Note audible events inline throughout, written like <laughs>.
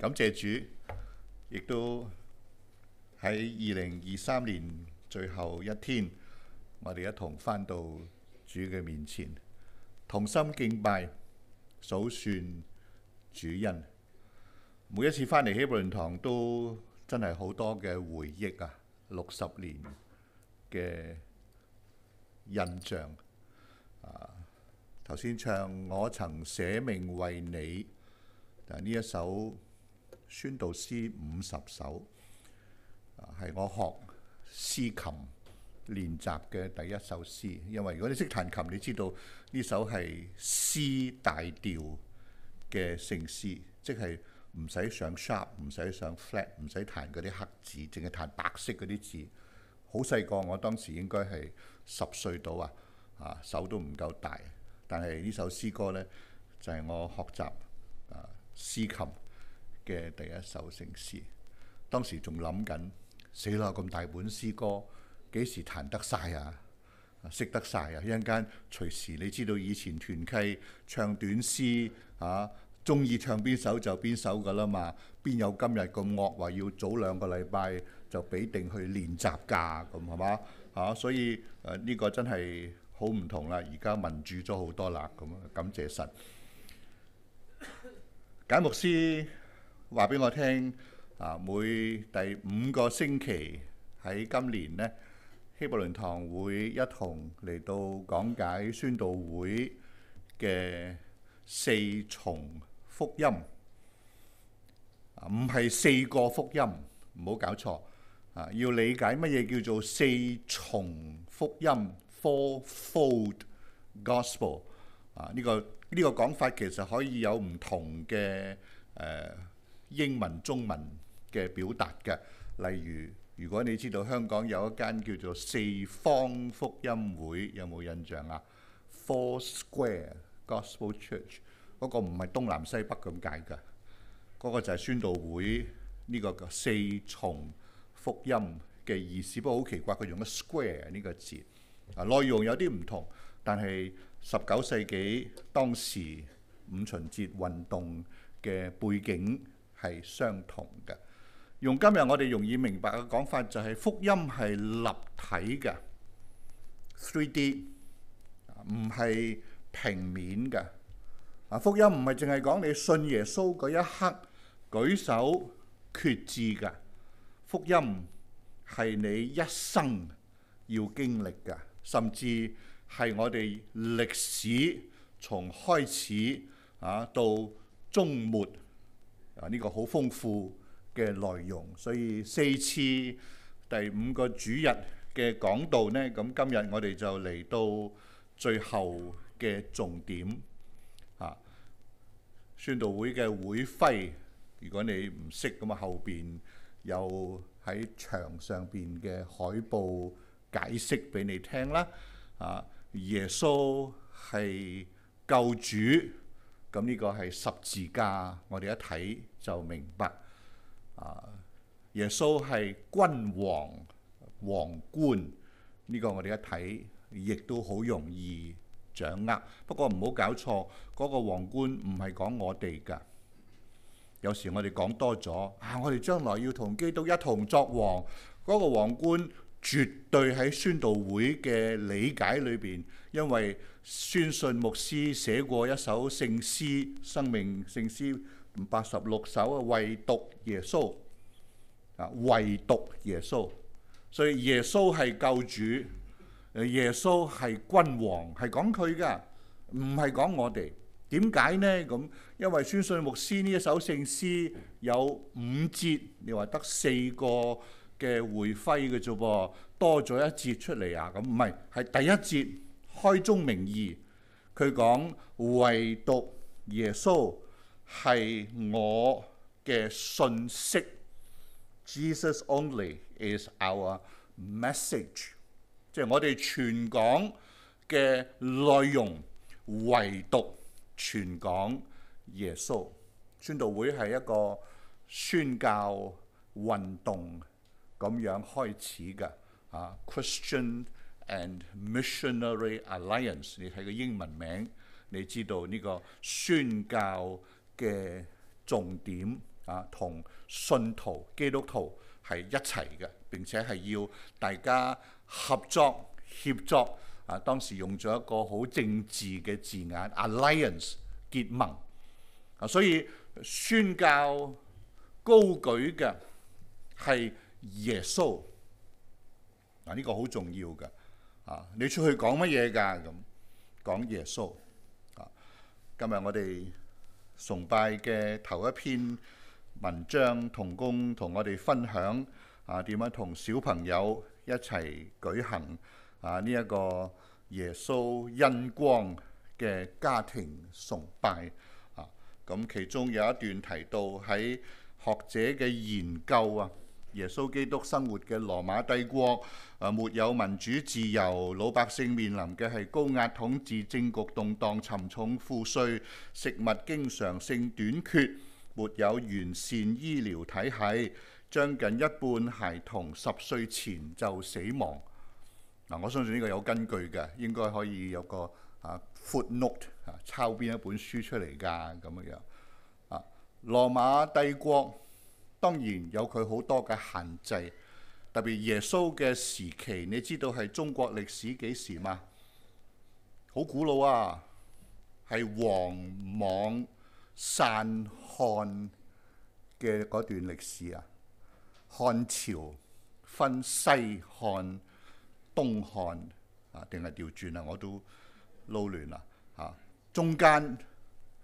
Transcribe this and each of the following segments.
感謝主，亦都喺二零二三年最後一天，我哋一同翻到主嘅面前，同心敬拜、數算主恩。每一次翻嚟希伯倫堂都真係好多嘅回憶啊！六十年嘅印象啊！頭先唱我曾捨命為你，但呢一首。宣道詩五十首，係我學詩琴練習嘅第一首詩。因為如果你識彈琴，你知道呢首係 C 大調嘅聖詩，即係唔使上 sharp，唔使上 flat，唔使彈嗰啲黑字，淨係彈白色嗰啲字。好細個，我當時應該係十歲到啊，啊手都唔夠大，但係呢首詩歌呢，就係我學習啊詩琴嘅第一首聖詩，當時仲諗緊，死啦！咁大本詩歌，幾時彈得晒啊？識得晒啊！一陣間，隨時你知道，以前團契唱短詩嚇，中意唱邊首就邊首噶啦嘛，邊有今日咁惡話要早兩個禮拜就俾定去練習架咁係嘛嚇？所以誒呢、啊呢個真係好唔同啦。而家民主咗好多啦，咁啊感謝神，簡 <laughs> 牧師。話俾我聽啊！每第五個星期喺今年呢，希伯倫堂會一同嚟到講解宣道會嘅四重福音啊，唔係四個福音，唔好搞錯啊！要理解乜嘢叫做四重福音 （fourfold gospel） 啊？呢個呢個講法其實可以有唔同嘅誒，英文、中文嘅表達嘅，例如如果你知道香港有一間叫做四方福音會，有冇印象啊？Four Square Gospel Church 嗰個唔係東南西北咁解㗎，嗰個就係宣道會呢個嘅四重福音嘅意思。不過好奇怪，佢用咗 square 呢個字啊，內容有啲唔同，但係十九世紀當時五旬節運動嘅背景。係相同嘅。用今日我哋容易明白嘅講法，就係福音係立體嘅 three D，唔係平面嘅。啊，福音唔係淨係講你信耶穌嗰一刻舉手決志嘅，福音係你一生要經歷嘅，甚至係我哋歷史從開始啊到終末。啊！呢個好豐富嘅內容，所以四次第五個主日嘅講道呢，咁今日我哋就嚟到最後嘅重點。啊，宣道會嘅會徽，如果你唔識咁啊，後邊有喺牆上邊嘅海報解釋俾你聽啦。啊，耶穌係救主。咁呢個係十字架，我哋一睇就明白。耶穌係君王皇冠，呢個我哋一睇亦都好容易掌握。不過唔好搞錯，嗰個皇冠唔係講我哋噶。有時我哋講多咗，啊，我哋將來要同基督一同作王，嗰個皇冠。絕對喺宣道會嘅理解裏邊，因為宣信牧師寫過一首聖詩《生命聖詩》八十六首啊，唯獨耶穌，唯獨耶穌，所以耶穌係救主，耶穌係君王，係講佢噶，唔係講我哋。點解呢？咁因為宣信牧師呢一首聖詩有五節，你話得四個。嘅會徽嘅啫噃，多咗一節出嚟啊！咁唔係，係第一節開宗明義，佢講唯獨耶穌係我嘅訊息，Jesus only is our message，即係我哋全港嘅內容，唯獨全港耶穌。宣道會係一個宣教運動。咁樣開始嘅啊，Christian and Missionary Alliance，你睇個英文名，你知道呢個宣教嘅重點啊，同信徒基督徒係一齊嘅，並且係要大家合作協作啊。當時用咗一個好政治嘅字眼，Alliance 結盟啊，所以宣教高舉嘅係耶穌嗱，呢個好重要嘅啊！你出去講乜嘢㗎？咁講耶穌啊！今日我哋崇拜嘅頭一篇文章，同工同我哋分享啊，點樣同小朋友一齊舉行啊？呢一個耶穌恩光嘅家庭崇拜啊！咁其中有一段提到喺學者嘅研究啊。耶穌基督生活嘅羅馬帝國啊，沒有民主自由，老百姓面臨嘅係高壓統治、政局動盪、沉重賦稅、食物經常性短缺、沒有完善醫療體系，將近一半孩童十歲前就死亡。嗱、啊，我相信呢個有根據嘅，應該可以有個啊 footnote 啊，抄邊一本書出嚟㗎咁樣樣啊，羅馬帝國。當然有佢好多嘅限制，特別耶穌嘅時期，你知道係中國歷史幾時嗎？好古老啊，係王莽散漢嘅嗰段歷史啊。漢朝分西漢、東漢啊，定係調轉啊？我都撈亂啦嚇、啊。中間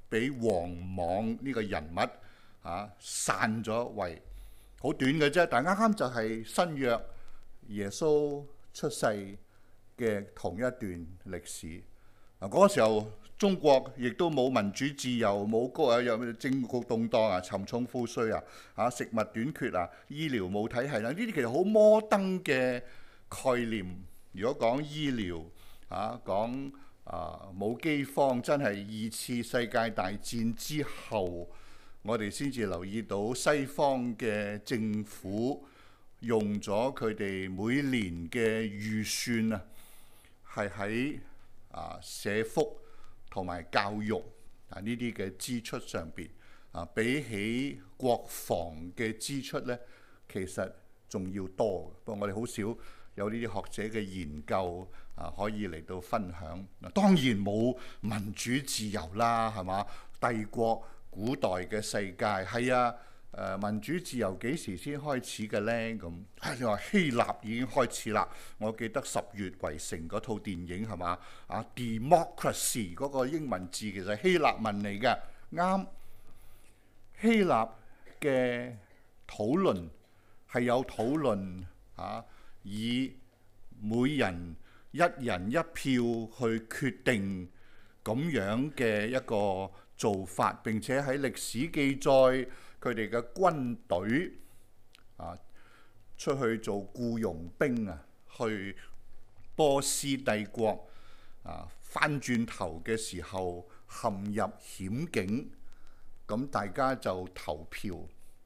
俾王莽呢個人物。嚇散咗為好短嘅啫，但係啱啱就係新約耶穌出世嘅同一段歷史嗱。嗰個時候中國亦都冇民主自由，冇嗰個有政局動盪啊、沉重賦稅啊、嚇食物短缺啊、醫療冇體系啦。呢啲其實好摩登嘅概念。如果講醫療嚇，講啊冇饑荒，真係二次世界大戰之後。我哋先至留意到西方嘅政府用咗佢哋每年嘅預算啊，係喺啊社福同埋教育啊呢啲嘅支出上邊啊，比起國防嘅支出呢，其實仲要多。不過我哋好少有呢啲學者嘅研究啊，可以嚟到分享。當然冇民主自由啦，係嘛，帝國。古代嘅世界係啊、呃，民主自由幾時先開始嘅咧？咁你、話、希臘已經開始啦。我記得十月圍城嗰套電影係嘛啊？Democracy 嗰個英文字其實希臘文嚟嘅，啱希臘嘅討論係有討論啊，以每人一人一票去決定咁樣嘅一個做法，並且喺歷史記載，佢哋嘅軍隊啊出去做僱傭兵啊，去波斯帝國啊翻轉頭嘅時候陷入險境，咁、啊、大家就投票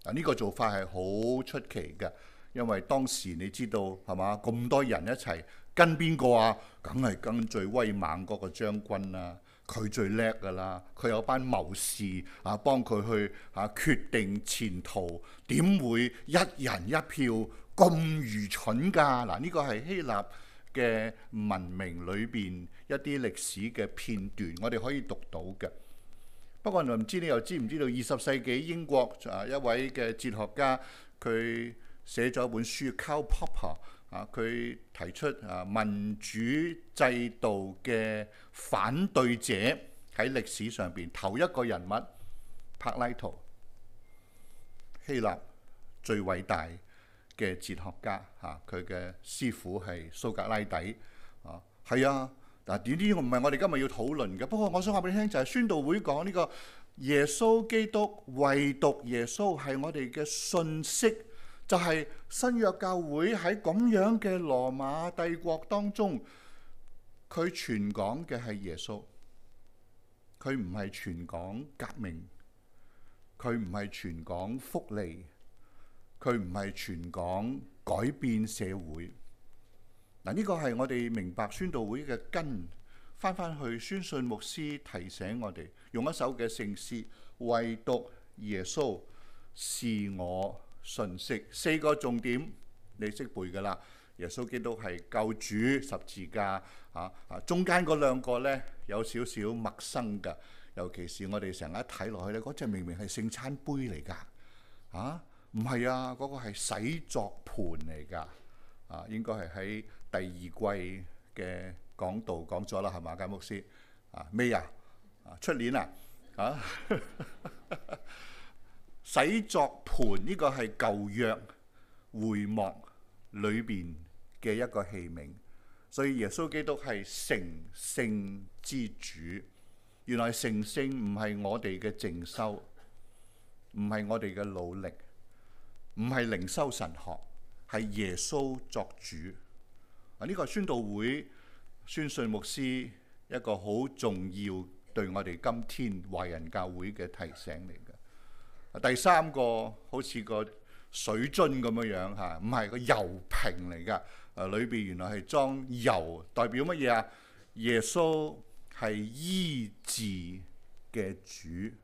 啊，呢個做法係好出奇嘅，因為當時你知道係嘛，咁多人一齊跟邊個啊？梗係跟最威猛嗰個將軍啦、啊。佢最叻噶啦，佢有班謀士啊，幫佢去啊決定前途，點會一人一票咁愚蠢噶？嗱、啊，呢個係希臘嘅文明裏邊一啲歷史嘅片段，我哋可以讀到嘅。不過我唔知你又知唔知道二十世紀英國啊一位嘅哲學家，佢寫咗本書《Karl Popper》。啊！佢提出啊，民主制度嘅反對者喺歷史上邊，頭一個人物柏拉圖，希臘最偉大嘅哲學家。嚇、啊，佢嘅師傅係蘇格拉底。啊，係啊。嗱，點知唔係我哋今日要討論嘅。不過，我想話俾你聽，就係宣道會講呢個耶穌基督，唯獨耶穌係我哋嘅信息。就係新約教會喺咁樣嘅羅馬帝國當中，佢全講嘅係耶穌，佢唔係全講革命，佢唔係全講福利，佢唔係全講改變社會。嗱、這、呢個係我哋明白宣道會嘅根。翻翻去宣信牧師提醒我哋用一首嘅聖詩，唯獨耶穌是我。信息四個重點你識背㗎喇，耶穌基督係救主十字架啊啊，中間嗰兩個呢有少少陌生㗎，尤其是我哋成日睇落去呢，嗰隻明明係聖餐杯嚟㗎，啊唔係啊，嗰個係洗作盤嚟㗎，啊應該係喺第二季嘅講道講咗啦，係咪，間牧師啊咩啊啊出年啊啊？洗濯盆呢、這個係舊約會幕裏邊嘅一個器皿，所以耶穌基督係成聖之主。原來成聖唔係我哋嘅靜修，唔係我哋嘅努力，唔係靈修神學，係耶穌作主。啊，呢個宣道會宣信牧師一個好重要對我哋今天華人教會嘅提醒嚟。第三個好似個水樽咁樣樣嚇，唔係個油瓶嚟㗎。誒，裏邊原來係裝油，代表乜嘢啊？耶穌係醫治嘅主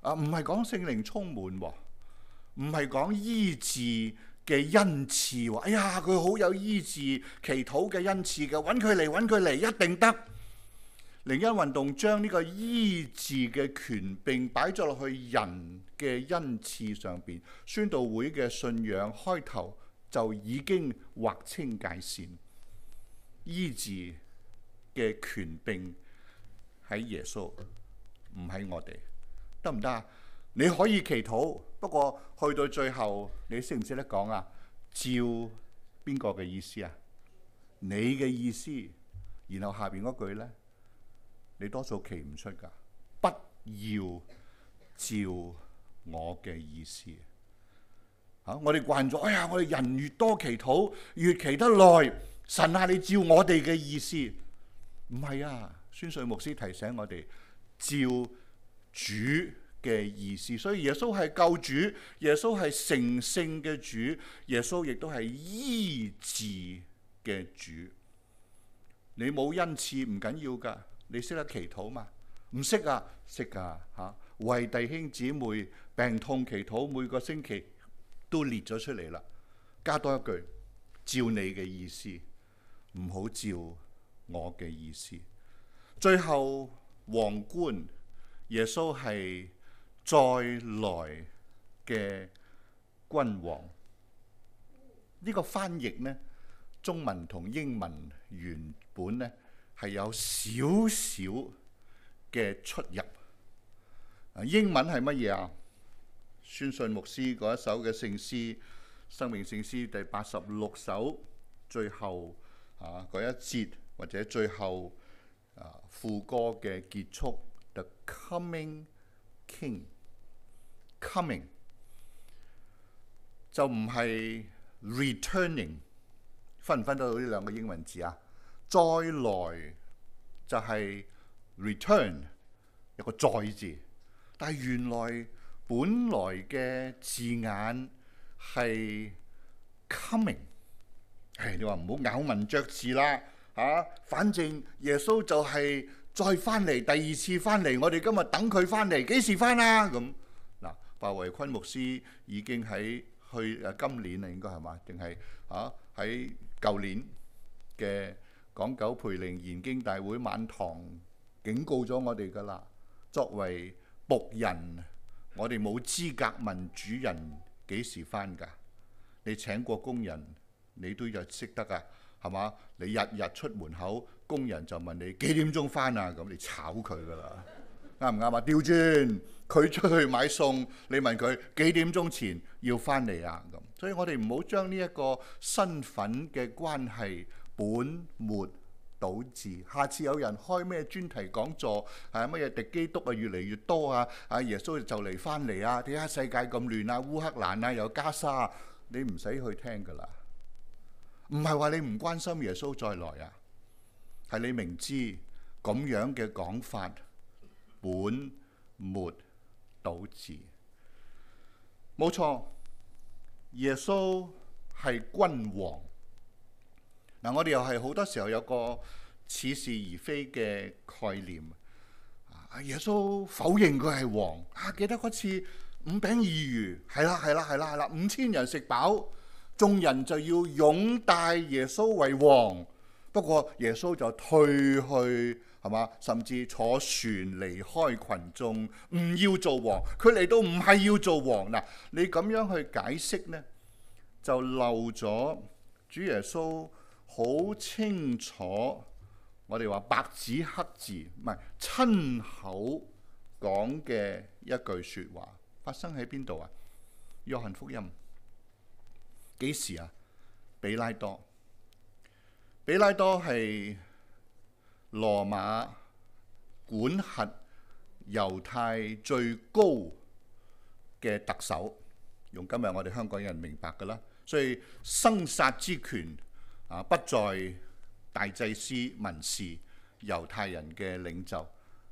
啊，唔係講聖靈充滿喎，唔係講醫治嘅恩賜。哎呀，佢好有醫治祈禱嘅恩賜嘅，揾佢嚟，揾佢嚟，一定得。靈恩運動將呢個醫治嘅權柄擺咗落去人嘅恩賜上邊。宣道會嘅信仰開頭就已經劃清界線，醫治嘅權柄喺耶穌，唔喺我哋，得唔得啊？你可以祈禱，不過去到最後，你識唔識得講啊？照邊個嘅意思啊？你嘅意思，然後下邊嗰句呢？你多數企唔出噶，不要照我嘅意思啊！我哋慣咗，哎呀，我哋人越多祈禱越祈得耐。神啊，你照我哋嘅意思唔係啊？宣水牧師提醒我哋照主嘅意思，所以耶穌係救主，耶穌係成聖嘅主，耶穌亦都係醫治嘅主。你冇恩賜唔緊要噶。你識得祈禱嗎？唔識啊，識啊嚇！為弟兄姊妹病痛祈禱，每個星期都列咗出嚟啦。加多一句，照你嘅意思，唔好照我嘅意思。最後皇冠，耶穌係再來嘅君王。呢個翻譯呢，中文同英文原本呢，係有少少嘅出入。英文係乜嘢啊？宣信牧師嗰一首嘅聖詩《生命聖詩》第八十六首最後啊嗰一節，或者最後、啊、副歌嘅結束，《The Coming King》，Coming 就唔係 Returning，分唔分得到呢兩個英文字啊？再來就係 return 一個再字，但係原來本來嘅字眼係 coming。係你話唔好咬文嚼字啦嚇，反正耶穌就係再翻嚟，第二次翻嚟。我哋今日等佢翻嚟，幾時翻啊？咁嗱，白維坤牧師已經喺去誒今年啦，應該係嘛？定係嚇喺舊年嘅。港九培靈研經大會晚堂，警告咗我哋噶啦。作為僕人，我哋冇資格問主人幾時返㗎？你請過工人，你都就識得㗎，係嘛？你日日出門口，工人就問你幾點鐘返啊？咁你炒佢㗎啦，啱唔啱啊？調轉佢出去買餸，你問佢幾點鐘前要返嚟啊？咁，所以我哋唔好將呢一個身份嘅關係。本末倒置。下次有人開咩專題講座，係乜嘢敵基督啊，越嚟越多啊，啊，耶穌就嚟翻嚟啊？點解世界咁亂啊？烏克蘭啊，有加沙啊？你唔使去聽噶啦。唔係話你唔關心耶穌再來啊，係你明知咁樣嘅講法本末倒置。冇錯，耶穌係君王。嗱，我哋又係好多時候有個似是而非嘅概念。阿耶穌否認佢係王。啊，記得嗰次五餅二魚，係啦係啦係啦係啦，五千人食飽，眾人就要擁戴耶穌為王。不過耶穌就退去，係嘛？甚至坐船離開群眾，唔要做王。佢嚟到唔係要做王。嗱，你咁樣去解釋呢，就漏咗主耶穌。好清楚，我哋話白紙黑字，唔係親口講嘅一句說話，發生喺邊度啊？約翰福音幾時啊？比拉多，比拉多係羅馬管轄猶太最高嘅特首，用今日我哋香港人明白㗎啦，所以生殺之權。啊！不在大祭司、文士，猶太人嘅領袖，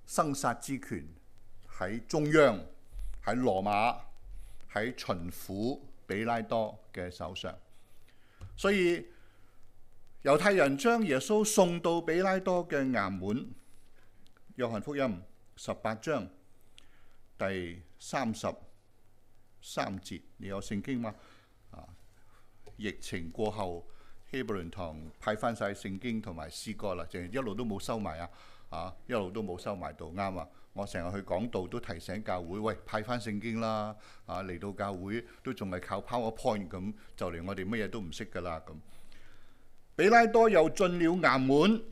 生殺之權喺中央，喺羅馬，喺巡撫比拉多嘅手上。所以猶太人將耶穌送到比拉多嘅衙門。約翰福音十八章第三十三節，你有聖經嗎？啊！疫情過後。希伯倫堂派翻曬聖經同埋詩歌啦，凈係一路都冇收埋啊！啊，一路都冇收埋到啱啊！我成日去講道都提醒教會，喂，派翻聖經啦！啊，嚟到教會都仲係靠 Power Point 咁，就連我哋乜嘢都唔識噶啦咁。比拉多又進了衙門，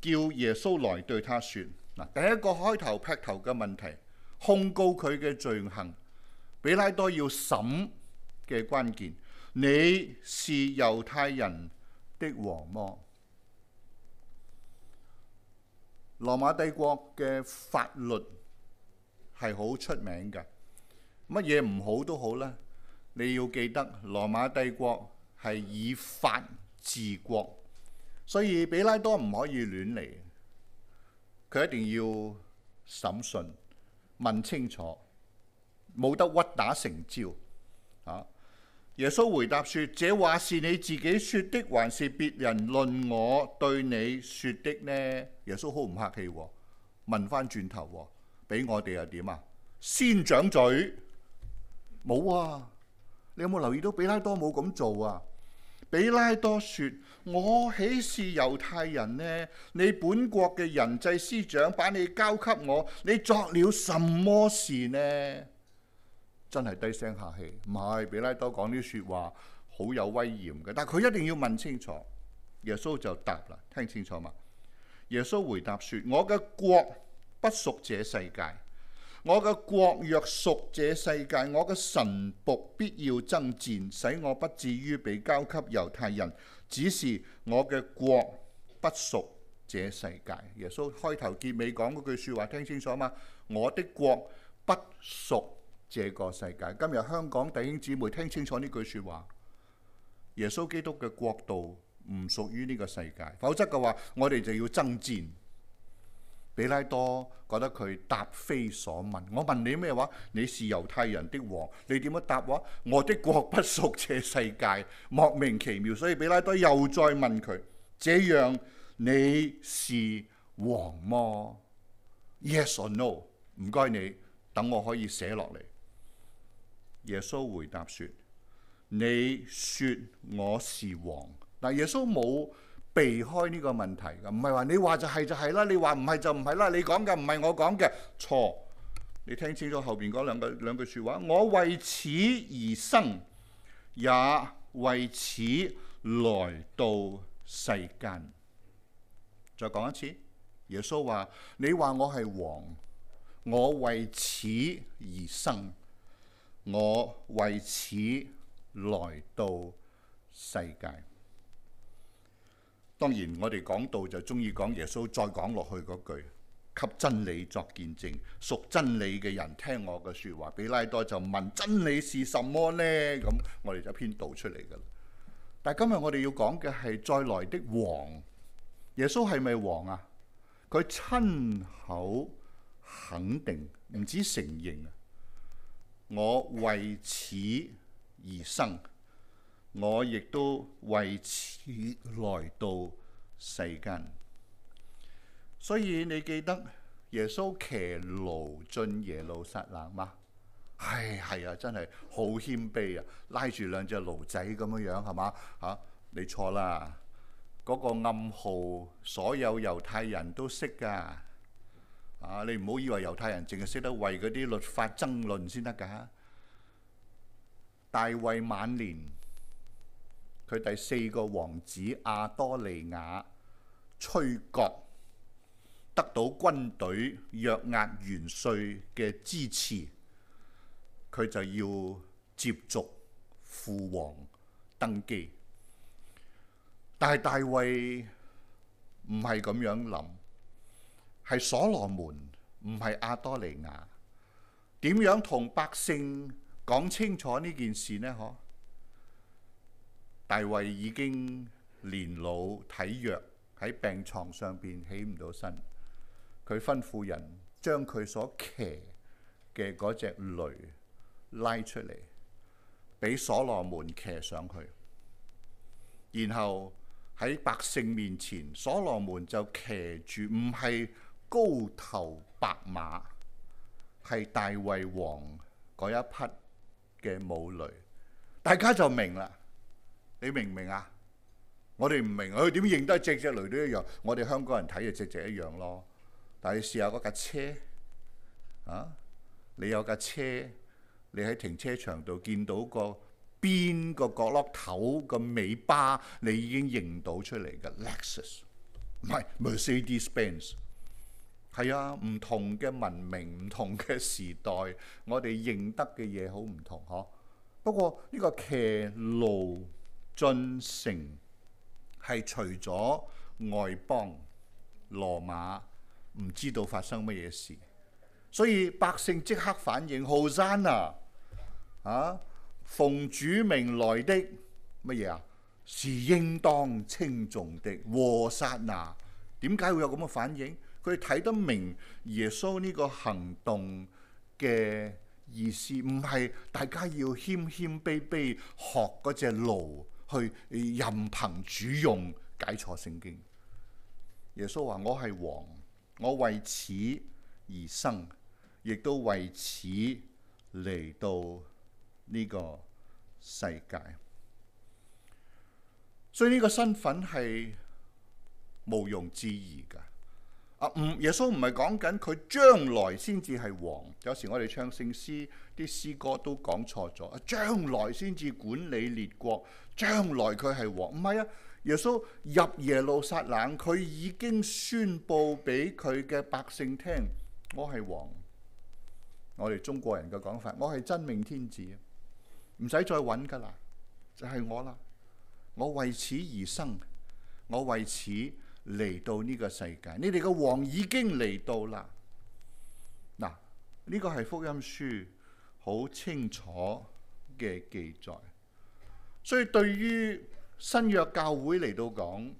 叫耶穌來對他説：嗱，第一個開頭劈頭嘅問題，控告佢嘅罪行。比拉多要審嘅關鍵，你是猶太人的王魔，羅馬帝國嘅法律係好出名㗎，乜嘢唔好都好啦。你要記得，羅馬帝國係以法治國，所以比拉多唔可以亂嚟，佢一定要審訊問清楚，冇得屈打成招。耶穌回答說：這話是你自己說的，還是別人論我對你說的呢？耶穌好唔客氣，問翻轉頭，俾我哋又點啊？先掌嘴，冇啊！你有冇留意到比拉多冇咁做啊？比拉多說：我豈是猶太人呢？你本國嘅人和祭司長把你交給我，你作了什麼事呢？真係低聲下氣，唔係比拉多講啲説話好有威嚴嘅，但佢一定要問清楚。耶穌就答啦，聽清楚嘛。耶穌回答說：我嘅國不屬這世界。我嘅國若屬這世界，我嘅臣僕必要爭戰，使我不至於被交給猶太人。只是我嘅國不屬這世界。耶穌開頭結尾講嗰句説話，聽清楚嘛。我的國不屬。這個世界。今日香港弟兄姊妹聽清楚呢句說話，耶穌基督嘅國度唔屬於呢個世界，否則嘅話我哋就要爭戰。彼拉多覺得佢答非所問，我問你咩話？你是猶太人的王，你點樣答話？我的國不屬這世界，莫名其妙。所以彼拉多又再問佢，這樣你是王麼？Yes or no？唔該你，等我可以寫落嚟。耶穌回答說：，你說我是王，但耶穌冇避開呢個問題噶，唔係話你話就係，就係、是、啦，你話唔係就唔係啦，你講嘅唔係我講嘅錯。你聽清楚後邊嗰兩句兩句說話，我為此而生，也為此來到世間。再講一次，耶穌話：，你話我係王，我為此而生。我為此來到世界。當然，我哋講道就中意講耶穌再講落去嗰句：給真理作見證，屬真理嘅人聽我嘅説話。比拉多就問：真理是什麼呢？咁我哋就編導出嚟㗎啦。但今日我哋要講嘅係再來的王。耶穌係咪王啊？佢親口肯定，唔止承認我為此而生，我亦都為此來到世間。所以你記得耶穌騎驢進耶路撒冷嗎？唉，係啊，真係好謙卑啊！拉住兩隻驢仔咁樣樣係嘛？嚇、啊，你錯啦！嗰、那個暗號，所有猶太人都識㗎。啊！你唔好以為猶太人淨係識得為嗰啲律法爭論先得㗎。大衛晚年，佢第四個王子亞多利亞崔國得到軍隊約押元帥嘅支持，佢就要接續父王登基。但係大衛唔係咁樣諗。係所羅門唔係亞多利亞，點樣同百姓講清楚呢件事呢？嗬？大衛已經年老體弱，喺病床上面起唔到身，佢吩咐人將佢所騎嘅嗰隻驢拉出嚟，俾所羅門騎上去，然後喺百姓面前，所羅門就騎住，唔係。高頭白馬係大衛王嗰一匹嘅母驢，大家就明啦。你明唔明啊？我哋唔明佢，點認得，隻隻驢都一樣。我哋香港人睇就隻隻一樣咯。但係你試下嗰架車啊，你有架車，你喺停車場度見到個邊個角落頭個尾巴，你已經認到出嚟嘅 Lexus 唔係 Mercedes-Benz。係啊，唔同嘅文明，唔同嘅時代，我哋認得嘅嘢好唔同呵。不過呢個騎驢進城係除咗外邦羅馬唔知道發生乜嘢事，所以百姓即刻反應：和散那，啊，奉主名來的乜嘢啊？是應當稱頌的和散那，點解會有咁嘅反應？佢睇得明耶穌呢個行動嘅意思，唔係大家要謙謙卑卑學嗰隻驢去任憑主用，解錯聖經。耶穌話：我係王，我為此而生，亦都為此嚟到呢個世界。所以呢個身份係毋庸置疑㗎。啊，耶穌唔係講緊佢將來先至係王。有時我哋唱聖詩啲詩歌都講錯咗。啊，將來先至管理列國，將來佢係王。唔係啊，耶穌入耶路撒冷，佢已經宣布俾佢嘅百姓聽，我係王。我哋中國人嘅講法，我係真命天子，唔使再揾㗎啦，就係我啦。我為此而生，我為此，嚟到呢個世界，你哋嘅王已經嚟到啦。嗱，呢個係福音書好清楚嘅記載，所以對於新約教會嚟到講，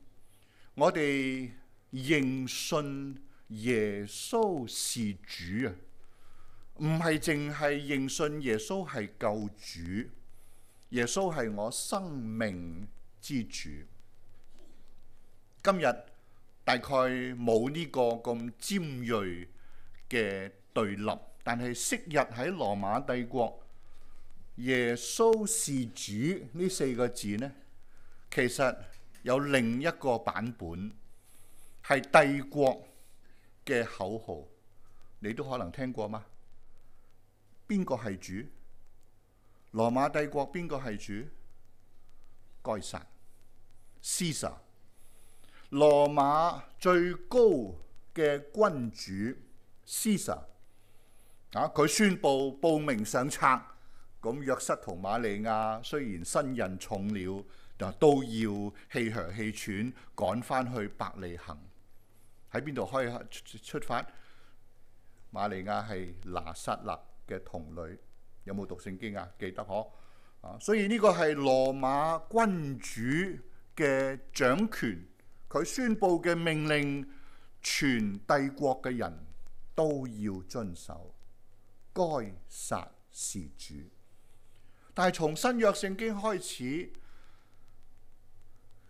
我哋認信耶穌是主啊，唔係淨係認信耶穌係救主，耶穌係我生命之主。今日。大概冇呢個咁尖鋭嘅對立，但係昔日喺羅馬帝國，耶穌是主呢四個字呢，其實有另一個版本係帝國嘅口號，你都可能聽過嗎？邊個係主？羅馬帝國邊個係主？該撒 Caesar 羅馬最高嘅君主 Caesar，佢宣布報名上冊咁，約瑟同瑪利亞雖然身孕重了，但都要氣強氣喘，趕返去伯利恆，喺邊度可以出發。瑪利亞係拿撒勒嘅童女，有冇讀聖經啊？記得可、啊、所以呢個係羅馬君主嘅掌權。佢宣布嘅命令，全帝國嘅人都要遵守，該撒是主。但係從新約聖經開始，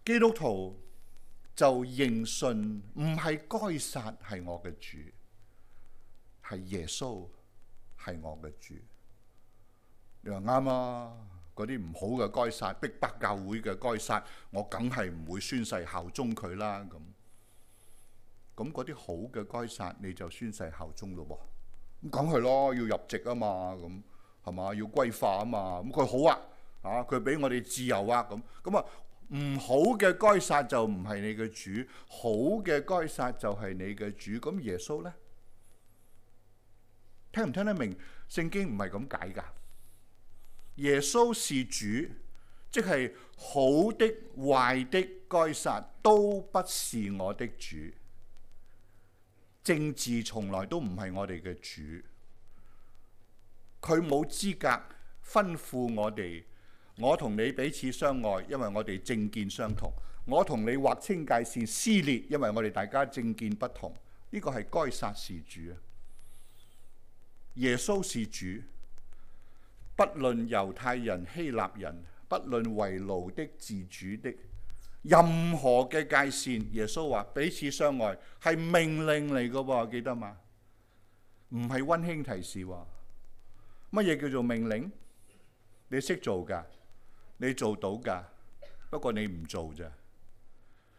基督徒就認信唔係該撒係我嘅主，係耶穌係我嘅主。你話啱吖。嗰啲唔好嘅該撒，逼迫教會嘅該撒，我梗係唔會宣誓效忠佢啦。咁咁嗰啲好嘅該撒，你就宣誓效忠咯噃咁，梗係咯，要入籍啊嘛，咁係嘛，要歸化啊嘛。咁佢好啊，啊佢俾我哋自由啊，咁咁啊，唔好嘅該撒就唔係你嘅主，好嘅該撒就係你嘅主。咁耶穌呢？聽唔聽得明？聖經唔係咁解㗎。耶穌是主，即係好的、壞的、該撒，都不是我的主。政治從來都唔係我哋嘅主，佢冇資格吩咐我哋。我同你彼此相愛，因為我哋政見相同；我同你劃清界線、撕裂，因為我哋大家政見不同。呢個係該撒是主，耶穌是主。不論猶太人、希臘人，不論為奴的、自主的，任何嘅界線，耶穌話彼此相愛係命令嚟噶喎，記得嘛？唔係溫馨提示喎。乜嘢叫做命令？你識做噶，你做到噶，不過你唔做咋。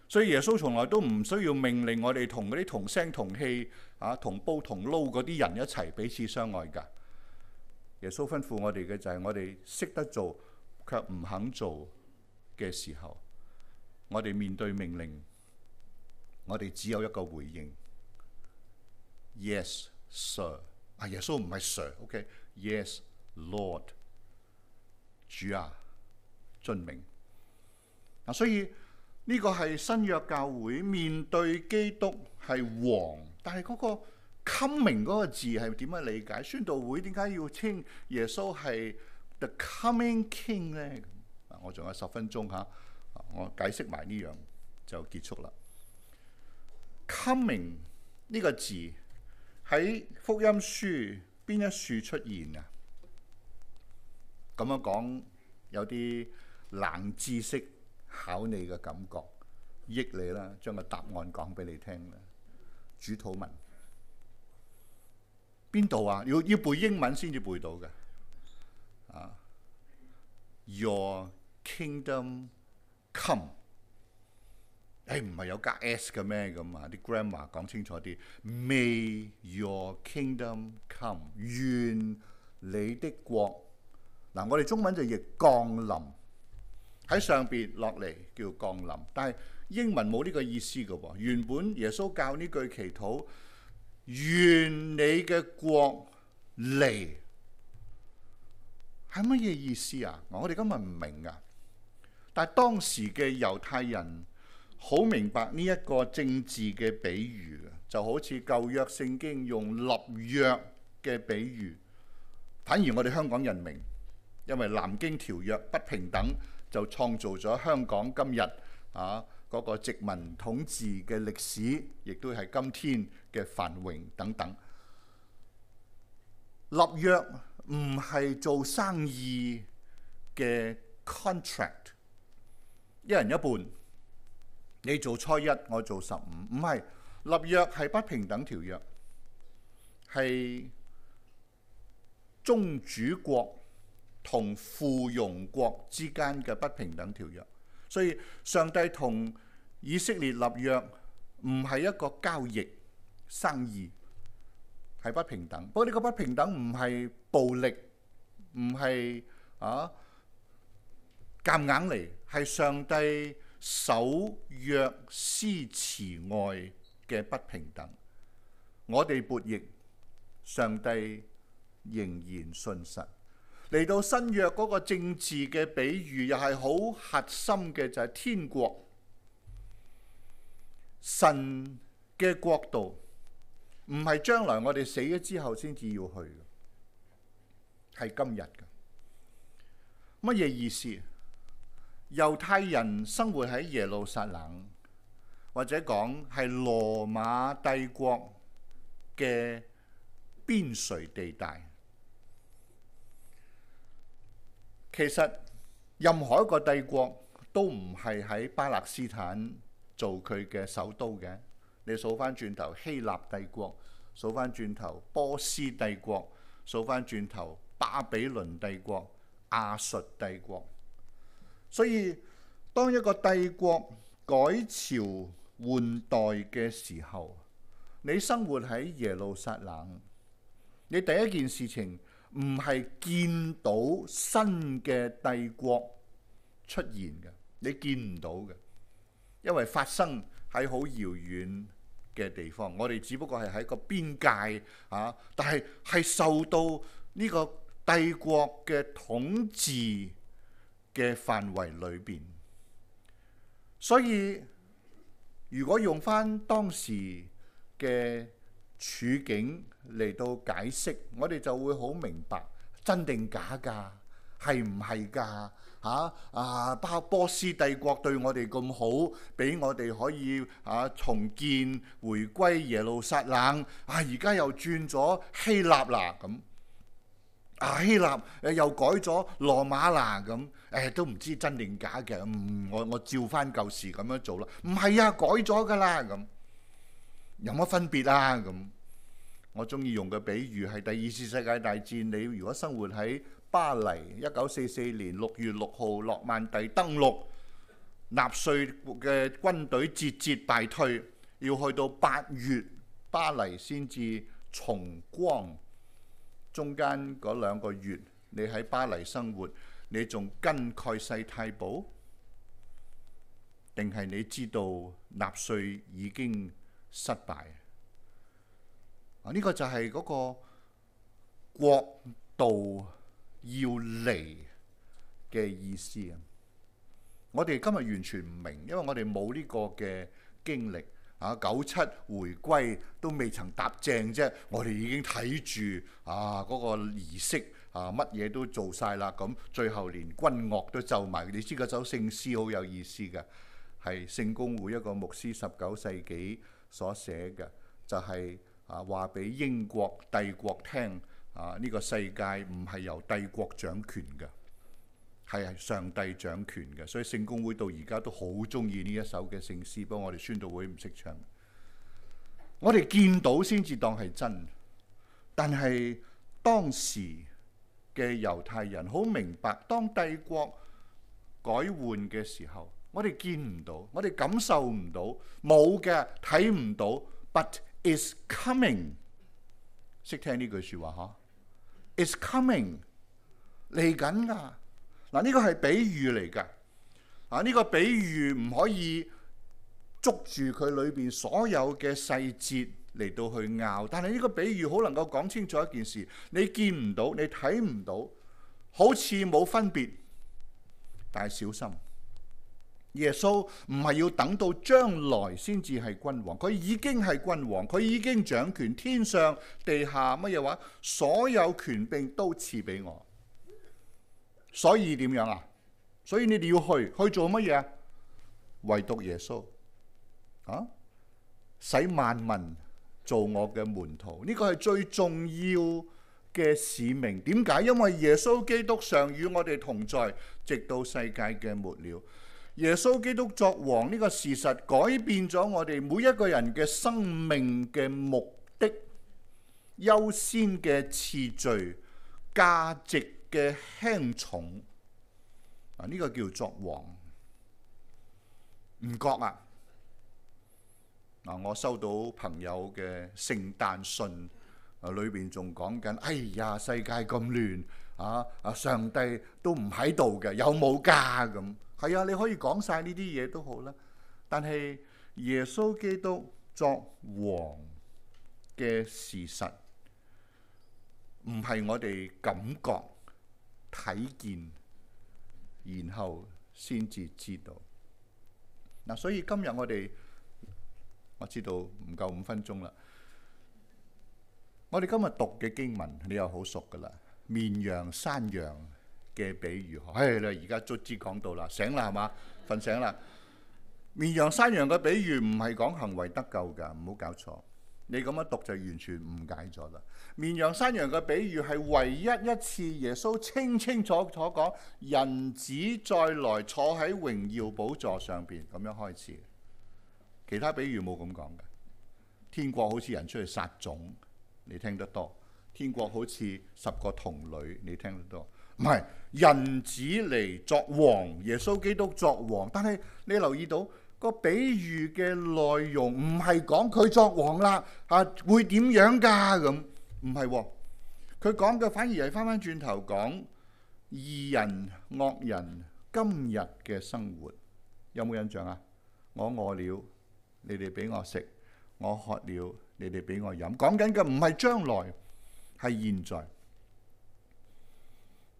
所以耶穌從來都唔需要命令我哋同嗰啲同聲同氣、啊同煲同撈嗰啲人一齊彼此相愛噶。耶穌吩咐我哋嘅就係我哋識得做，卻唔肯做嘅時候，我哋面對命令，我哋只有一個回應：Yes, Sir。啊，耶穌唔係 Sir，OK？Yes, Lord。主啊，遵命。嗱，所以呢個係新約教會面對基督係王，但係嗰個。coming 嗰個字係點樣理解？宣道會點解要稱耶穌係 the coming king 呢？啊，我仲有十分鐘嚇，我解釋埋呢樣就結束啦。coming 呢個字喺福音書邊一處出現啊？咁樣講有啲冷知識考你嘅感覺，益你啦，將個答案講俾你聽啦。主禱文。邊度啊？要要背英文先至背到嘅啊。Uh，Your kingdom come，誒唔係有加 s 嘅咩咁啊？啲 grammar 講清楚啲。May your kingdom come，願你的國。嗱、啊，我哋中文就譯降臨喺上邊落嚟叫降臨，降臨但係英文冇呢個意思嘅喎。原本耶穌教呢句祈禱。願你嘅國嚟，係乜嘢意思啊？我哋今日唔明啊，但係當時嘅猶太人好明白呢一個政治嘅比喻，就好似舊約聖經用立約嘅比喻。反而我哋香港人明，因為南京條約不平等，就創造咗香港今日啊。嗰個殖民統治嘅歷史，亦都係今天嘅繁榮等等。立約唔係做生意嘅 contract，一人一半，你做初一，我做十五，唔係。立約係不平等條約，係宗主國同附庸國之間嘅不平等條約，所以上帝同以色列立約唔係一個交易生意，係不平等。不過呢個不平等唔係暴力，唔係啊夾硬嚟，係上帝守約施慈愛嘅不平等。我哋悖逆，上帝仍然信實。嚟到新約嗰個政治嘅比喻，又係好核心嘅就係天國。神嘅國度唔係將來我哋死咗之後先至要去，係今日嘅。乜嘢意思？猶太人生活喺耶路撒冷，或者講係羅馬帝國嘅邊陲地帶。其實任何一個帝國都唔係喺巴勒斯坦，做佢嘅首都嘅，你數翻轉頭希臘帝國，數翻轉頭波斯帝國，數翻轉頭巴比倫帝國、亞述帝國。所以當一個帝國改朝換代嘅時候，你生活喺耶路撒冷，你第一件事情唔係見到新嘅帝國出現嘅，你見唔到嘅。因為發生喺好遙遠嘅地方，我哋只不過係喺個邊界嚇、啊，但係係受到呢個帝國嘅統治嘅範圍裏邊，所以如果用翻當時嘅處境嚟到解釋，我哋就會好明白真定假㗎，係唔係㗎？嚇！啊，包波斯帝國對我哋咁好，俾我哋可以啊重建、回歸耶路撒冷。啊，而家又轉咗希臘啦咁。啊，希臘誒又改咗羅馬啦咁。誒都唔知真定假嘅。嗯，我我照翻舊時咁樣做啦。唔係啊，改咗㗎啦咁。有乜分別啊？咁我中意用嘅比喻係第二次世界大戰。你如果生活喺巴黎，一九四四年六月六號，諾曼第登陸，納粹嘅軍隊節節敗退，要去到八月，巴黎先至重光。中間嗰兩個月，你喺巴黎生活，你仲跟蓋世太保，定係你知道納粹已經失敗？啊，呢個就係嗰個國度。要嚟嘅意思啊！我哋今日完全唔明，因為我哋冇呢個嘅經歷。啊。九七回歸都未曾答正啫，我哋已經睇住啊個儀式啊，乜嘢都做晒啦。咁最後連軍樂都奏埋。你知嗰首《聖詩》好有意思嘅，係聖公會一個牧師十九世紀所寫嘅，就係啊話俾英國帝國聽。啊！呢個世界唔係由帝國掌權嘅，係上帝掌權嘅。所以聖公會到而家都好中意呢一首嘅聖詩，不過我哋宣道會唔識唱。我哋見到先至當係真，但係當時嘅猶太人好明白，當帝國改換嘅時候，我哋見唔到，我哋感受唔到，冇嘅睇唔到。But it's coming。識聽呢句説話嚇？It's coming 嚟緊噶。嗱，呢個係比喻嚟㗎。啊，呢個比喻唔可以捉住佢裏邊所有嘅細節嚟到去拗，但係呢個比喻好能夠講清楚一件事：你見唔到，你睇唔到，好似冇分別，但係小心。耶穌唔係要等到將來先至係君王，佢已經係君王，佢已經掌權，天上地下乜嘢話，所有權柄都賜俾我。所以點樣啊？所以你哋要去去做乜嘢啊？唯獨耶穌啊，使萬民做我嘅門徒。呢個係最重要嘅使命。點解？因為耶穌基督上與我哋同在，直到世界嘅末了。耶穌基督作王呢個事實，改變咗我哋每一個人嘅生命嘅目的、優先嘅次序、價值嘅輕重啊！呢個叫作王，唔覺啊！嗱，我收到朋友嘅聖誕信啊，裏邊仲講緊，哎呀，世界咁亂。啊！啊，上帝都唔喺度嘅，有冇家咁？係啊，你可以講晒呢啲嘢都好啦。但係耶穌基督作王嘅事實，唔係我哋感覺、睇見，然後先至知道。嗱，所以今日我哋我知道唔夠五分鐘啦。我哋今日讀嘅經文，你又好熟噶啦。.綿羊、山羊嘅比喻，唉、哎，你而家卒之講到啦，醒啦係嘛，瞓醒啦。綿羊、山羊嘅比喻唔係講行為得救噶，唔好搞錯。你咁樣讀就完全誤解咗啦。綿羊、山羊嘅比喻係唯一一次耶穌清清楚楚講，人子再來坐喺榮耀寶座上邊咁樣開始。其他比喻冇咁講嘅，天國好似人出去撒種，你聽得多。天國好似十個童女，你聽得多。唔係人子嚟作王，耶穌基督作王。但係你留意到個比喻嘅內容，唔係講佢作王啦，嚇、啊、會點樣㗎？咁唔係喎，佢講嘅反而係翻翻轉頭講義人惡人今日嘅生活，有冇印象啊？我餓了，你哋俾我食；我渴了，你哋俾我飲。講緊嘅唔係將來。係現在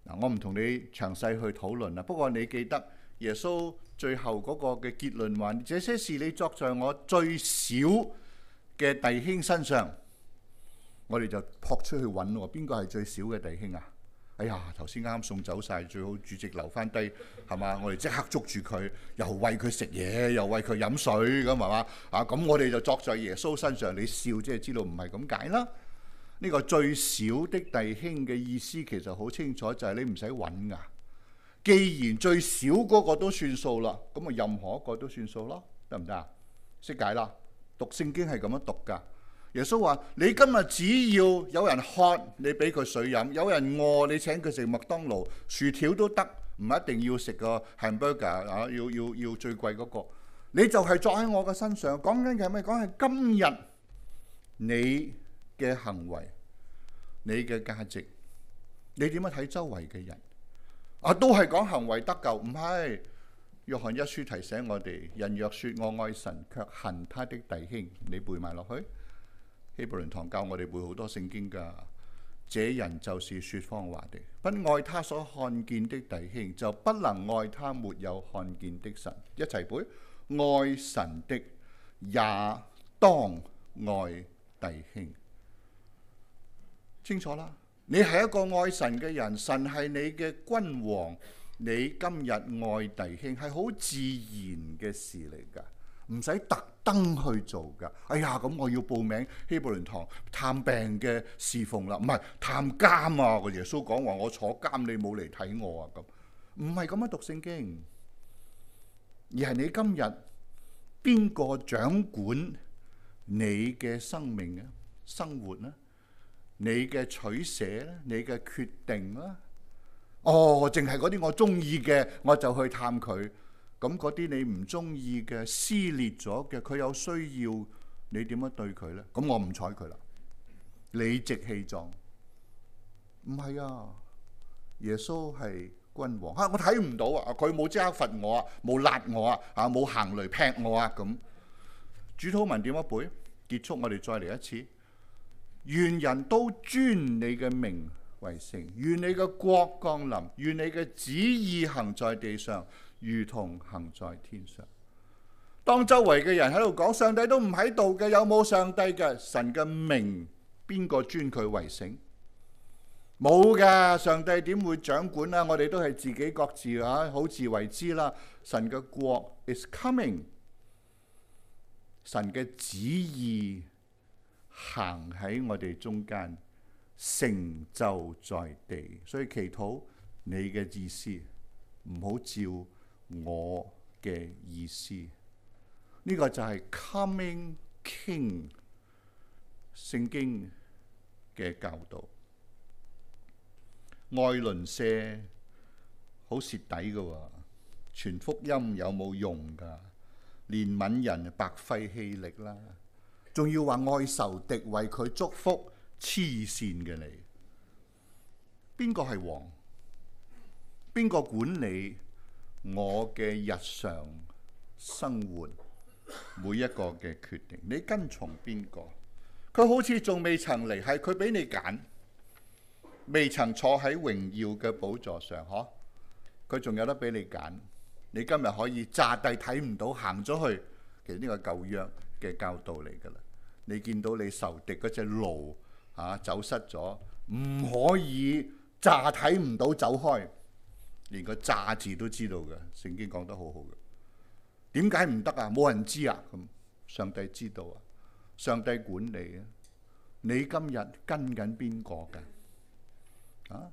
嗱，我唔同你詳細去討論啦。不過你記得耶穌最後嗰個嘅結論話：這些事你作在我最小嘅弟兄身上，我哋就撲出去揾喎。邊個係最小嘅弟兄啊？哎呀，頭先啱啱送走曬，最好主席留翻低係嘛？我哋即刻捉住佢，又餵佢食嘢，又餵佢飲水咁係嘛？啊咁，我哋就作在耶穌身上，你笑即係知道唔係咁解啦。呢個最小的弟兄嘅意思其實好清楚，就係你唔使揾噶。既然最少嗰個都算數啦，咁啊任何一個都算數咯，得唔得啊？識解啦，讀聖經係咁樣讀噶。耶穌話：你今日只要有人渴，你俾佢水飲；有人餓，你請佢食麥當勞薯條都得，唔一定要食個 hamburger 啊！要要要最貴嗰個，你就係作喺我嘅身上。講緊嘅係咩講係今日你嘅行為，你嘅價值，你點樣睇周圍嘅人啊？都係講行為得救，唔係。約翰一書提醒我哋：人若説我愛神，卻恨他的弟兄，你背埋落去。希伯倫堂教我哋背好多聖經㗎。這人就是説謊話的，不愛他所看見的弟兄，就不能愛他沒有看見的神。一齊背：愛神的也當愛弟兄。嗯清楚啦，你係一個愛神嘅人，神係你嘅君王。你今日愛弟兄係好自然嘅事嚟噶，唔使特登去做噶。哎呀，咁我要報名希伯倫堂探病嘅侍奉啦，唔係探監啊！個耶穌講話我坐監，你冇嚟睇我啊咁，唔係咁樣讀聖經，而係你今日邊個掌管你嘅生命啊，生活呢？你嘅取捨咧，你嘅決定啦，哦，淨係嗰啲我中意嘅，我就去探佢。咁嗰啲你唔中意嘅，撕裂咗嘅，佢有需要，你點樣對佢呢？咁我唔睬佢啦，理直氣壯。唔係啊，耶穌係君王啊，我睇唔到啊，佢冇即刻罰我啊，冇辣我啊，啊冇行雷劈我啊咁。主禱文點樣背？結束，我哋再嚟一次。願人都尊你嘅名為聖，願你嘅國降臨，願你嘅旨意行在地上，如同行在天上。當周圍嘅人喺度講上帝都唔喺度嘅，有冇上帝嘅？神嘅名邊個尊佢為聖？冇噶，上帝點會掌管啊？我哋都係自己各自吓，好自為之啦。神嘅國 is coming，神嘅旨意。行喺我哋中間成就在地，所以祈禱你嘅意思唔好照我嘅意思，呢、這個就係 Coming King 聖經嘅教導。愛鄰舍好蝕底㗎，全福音有冇用㗎？憐憫人白費氣力啦。仲要話愛仇敵為佢祝福，黐線嘅你，邊個係王？邊個管理我嘅日常生活每一個嘅決定？你跟從邊個？佢好似仲未曾嚟，係佢俾你揀，未曾坐喺榮耀嘅寶座上呵？佢仲有得俾你揀，你今日可以詐諦睇唔到，行咗去。其實呢個舊約嘅教導嚟㗎啦，你見到你仇敵嗰隻驢啊，走失咗，唔可以詐睇唔到走開，連個詐字都知道嘅，聖經講得好好嘅。點解唔得啊？冇人知啊？咁上帝知道啊？上帝管理啊？你今日跟緊邊個㗎？啊？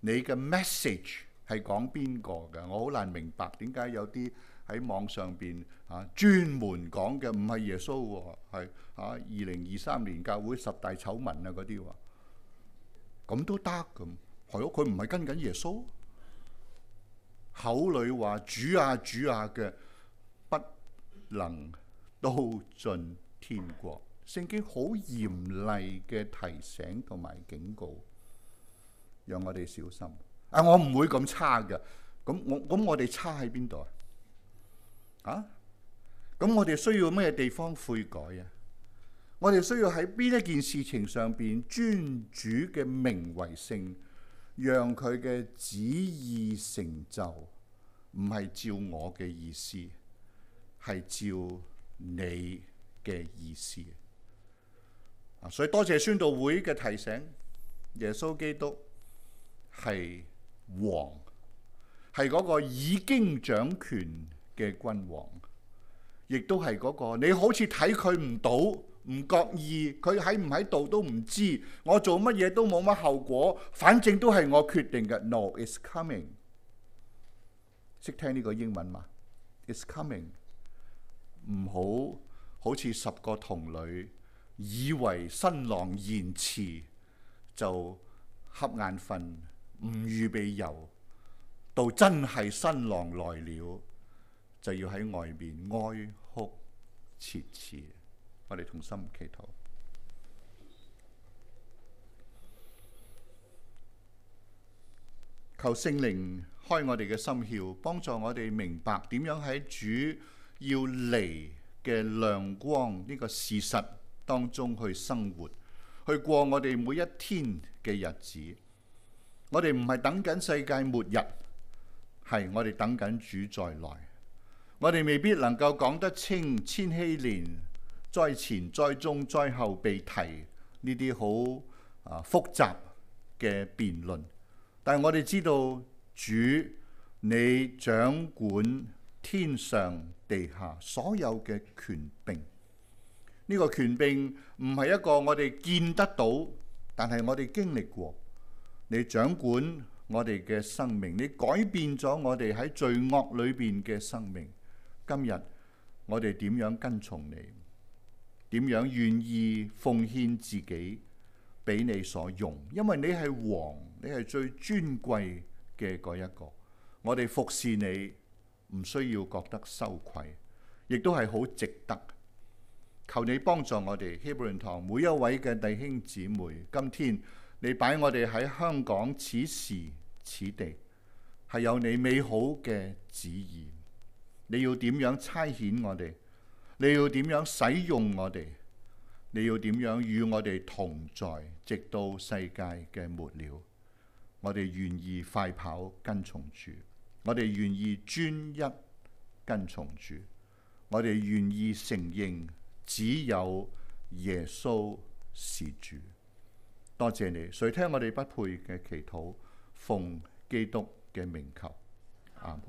你嘅 message 係講邊個㗎？我好難明白點解有啲。喺網上邊啊，專門講嘅唔係耶穌喎，係啊，二零二三年教會十大醜聞啊，嗰啲喎，咁都得，咁係咯？佢唔係跟緊耶穌，啊、口裡話主啊主啊嘅，不能都進天國。聖經好嚴厲嘅提醒同埋警告，讓我哋小心啊！我唔會咁差嘅。咁我咁我哋差喺邊度啊？啊！咁我哋需要咩地方悔改啊？我哋需要喺邊一件事情上邊尊主嘅名為聖，讓佢嘅旨意成就，唔係照我嘅意思，係照你嘅意思啊！所以多謝宣道會嘅提醒，耶穌基督係王，係嗰個已經掌權。嘅君王，亦都係嗰、那個你好似睇佢唔到，唔覺意佢喺唔喺度都唔知，我做乜嘢都冇乜後果，反正都係我決定嘅。No, is coming，識聽呢個英文嘛？Is coming，唔好好似十個童女以為新郎延遲就瞌眼瞓，唔預備遊到真係新郎來了。就要喺外面哀哭切齒，我哋同心祈禱，求聖靈開我哋嘅心竅，幫助我哋明白點樣喺主要嚟嘅亮光呢個事實當中去生活，去過我哋每一天嘅日子。我哋唔係等緊世界末日，係我哋等緊主再來。我哋未必能夠講得清千禧年災前、災中、災後被提呢啲好啊複雜嘅辯論，但係我哋知道主你掌管天上地下所有嘅權柄，呢個權柄唔係一個我哋見得到，但係我哋經歷過。你掌管我哋嘅生命，你改變咗我哋喺罪惡裏邊嘅生命。今日我哋點樣跟從你？點樣願意奉獻自己俾你所用？因為你係王，你係最尊貴嘅嗰一個。我哋服侍你，唔需要覺得羞愧，亦都係好值得。求你幫助我哋希伯倫堂每一位嘅弟兄姊妹。今天你擺我哋喺香港此時此地，係有你美好嘅旨意。你要點樣差遣我哋？你要點樣使用我哋？你要點樣與我哋同在，直到世界嘅末了？我哋願意快跑跟從主，我哋願意專一跟從主，我哋願意承認只有耶穌是主。多謝你，誰聽我哋不配嘅祈禱，奉基督嘅名求，阿